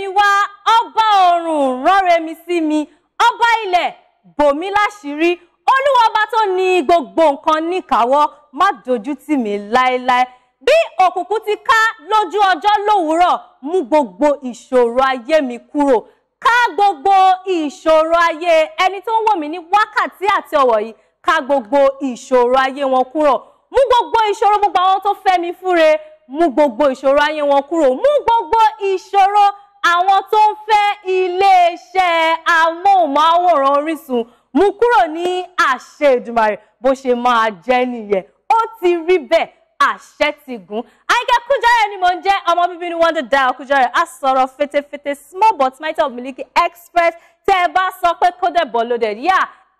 mi wá ọba ọ̀run rọ́re mi sí mi ọba ilẹ̀ bòmí láṣìírí olúwa ọba tó ní gbogbo nǹkan níkàáwọ́ má dojú tì mí láéláé bí òkùnkùn ti ká lójú ọjọ́ lówùúrọ̀ mú gbogbo ìṣòro ayé mi kúrò ká gbogbo ìṣòro ayé ẹni tó ń wò mí ní wákàtí àti ọ̀wọ̀ yìí ká gbogbo ìṣòro ayé wọn kúrò mú gbogbo ìṣòro gbogbo àwọn tó fẹ́ mi fúre mú gbogbo ìṣòro ayé wọn kúrò mú gbogbo ìṣòro àwọn tó ń fẹ́ iléeṣẹ́ amóhùnmáwòrán Orísun mú kúrò ní àṣẹ Èdùmàrè bó ṣe máa jẹ́ nìyẹn ó ti rí bẹ́ẹ̀ àṣẹ ti gùn Àyìnkẹ́ Kújárẹ̀ ni mò ń jẹ́ ọmọ bíbí ni wọ́n ń da Kújárẹ̀ á sọ̀rọ̀ fetefete small but mighty of Miliki Express tẹ́ ẹ bá sọ pé kó dẹ̀ bọ̀ lóde yá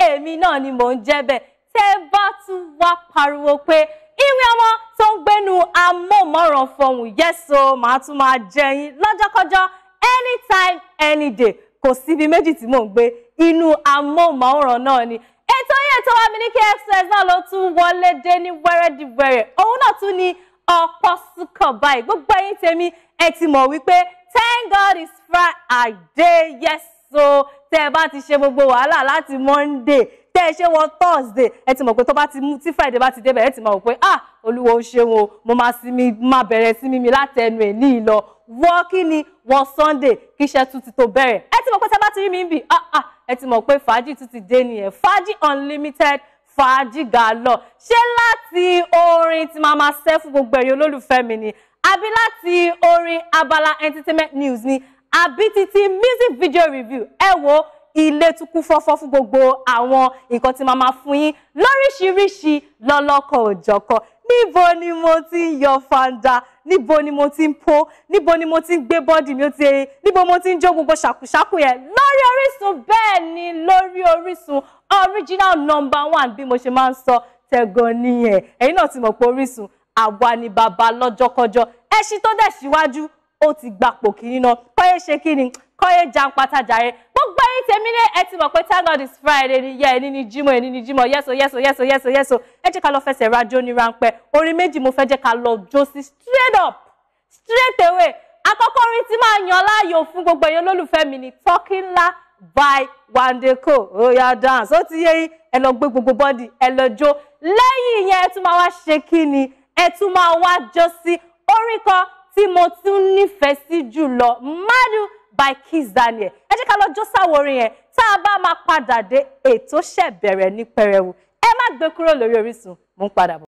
èmi náà ni mò ń jẹ́ bẹ́ẹ̀ tẹ́ ẹ bá tún wá pariwo pé ìwé ọmọ tó ń gbénu amóhùnmáwòrán fọhùn yẹ́sọ màá tún máa jẹ lọ́jọ́kọ́jọ́ anytime any day kò síbi méjì tí mò ń gbé inú amóhùnmáwòrán náà ni ètò yìí ètò wa Miliki Express náà ló tún wọlé dé ní wẹ́rẹ́díwẹ́rẹ́ òun náà tún ni ọ̀pọ̀ sùkọ̀ báyìí gbogbo ẹ̀yin tèmi ẹ ti mọ̀ wípé thank God is Friday yes so tẹ́ ẹ bá ti ṣe gbogbo wàhálà láti Monday tẹ́ ẹ ṣe wọn Thursday ẹ ti mọ̀ pé tó bá ti mú tí Friday bá ti débẹ̀ ẹ ti mọ̀ pé ah olúwo ṣeun o mo máa sinmi máa bẹ̀rẹ̀ sinmi mi látẹnu ẹ̀ ní ìlọ wọ́ kí ni wọ́ Sunday kí iṣẹ́ tún ti tó bẹ̀rẹ̀ ẹ ti mọ̀ pé sábà ti rí mi ń bì ah, ah, ẹ ti mọ̀ pé fàájì tún ti dé nìyẹn fàájì unlimited fàájì gàlọ́ ṣé láti orin tí màá máa ṣẹ́ fún gbogbo ẹ̀yin olólùfẹ́ mi ni àbí láti orin abala entertainment news ni àbí titi music video review ẹ wo ilé tún kún fọ́fọ́ fún gbogbo àwọn nǹkan tí màá máa fún yín lóríṣiríṣi lọ́lọ́kọ̀ òjọ̀kọ̀ níbo ni mo ti ń yọ fanda níbo ni mo ti ń po níbo ni mo ti ń gbé bọ́dì mi ó ti eré níbo mo ti ń jó gbogbo ṣàkúṣàkú yẹn lórí Orísun bẹ́ẹ̀ ni lórí Orísun original number one bí mo ṣe máa ń sọ tẹ̀gàn nìyẹn ẹ̀yin náà ti mọ̀ pé Orísun àwa ni bàbá lọ́jọ́kọjọ́ ẹṣin tó dẹ̀ síwájú ó ti gbapò kìíní náà kọ́yé ṣe kí ni kọ́yé jàǹpátá jàre b gbogbo yín tèmi ní ẹ ti mọ̀ pé thank God it's Friday ni yẹ ẹni ni Jímọ̀ ẹni ni Jímọ̀ yẹ́sọ yẹ́sọ yẹ́sọ yẹ́sọ yẹ́sọ ẹ jẹ́ ká lọ fẹsẹ̀ rajó ní ráńpẹ́ orin méjì mo fẹ́ jẹ́ ká lọ jó sí straight up straight away àkọ́kọ́ orin tí máa yan láàyò fún gbogbo ẹ̀yin olólùfẹ́ mi ni Talking La by Wandeko oya dance ó ti yé yín ẹ lọ gbé gbogbo bọ́dì ẹ lọ jó lẹ́yìn ìyẹn ẹ tún máa wá ṣe kí ni ẹ tún máa wá jó sí orin kan tí mo tún nífẹ̀ẹ́ sí jù lọ madu by Kiss Daniel ẹ jẹ́ ká lọ jó sáwọ́ orin yẹn tá a bá máa padà dé ètò ṣẹ̀ bẹ̀rẹ̀ ní pẹrẹwu ẹ má gbé kúrò lórí Orísun mò ń padà bọ̀.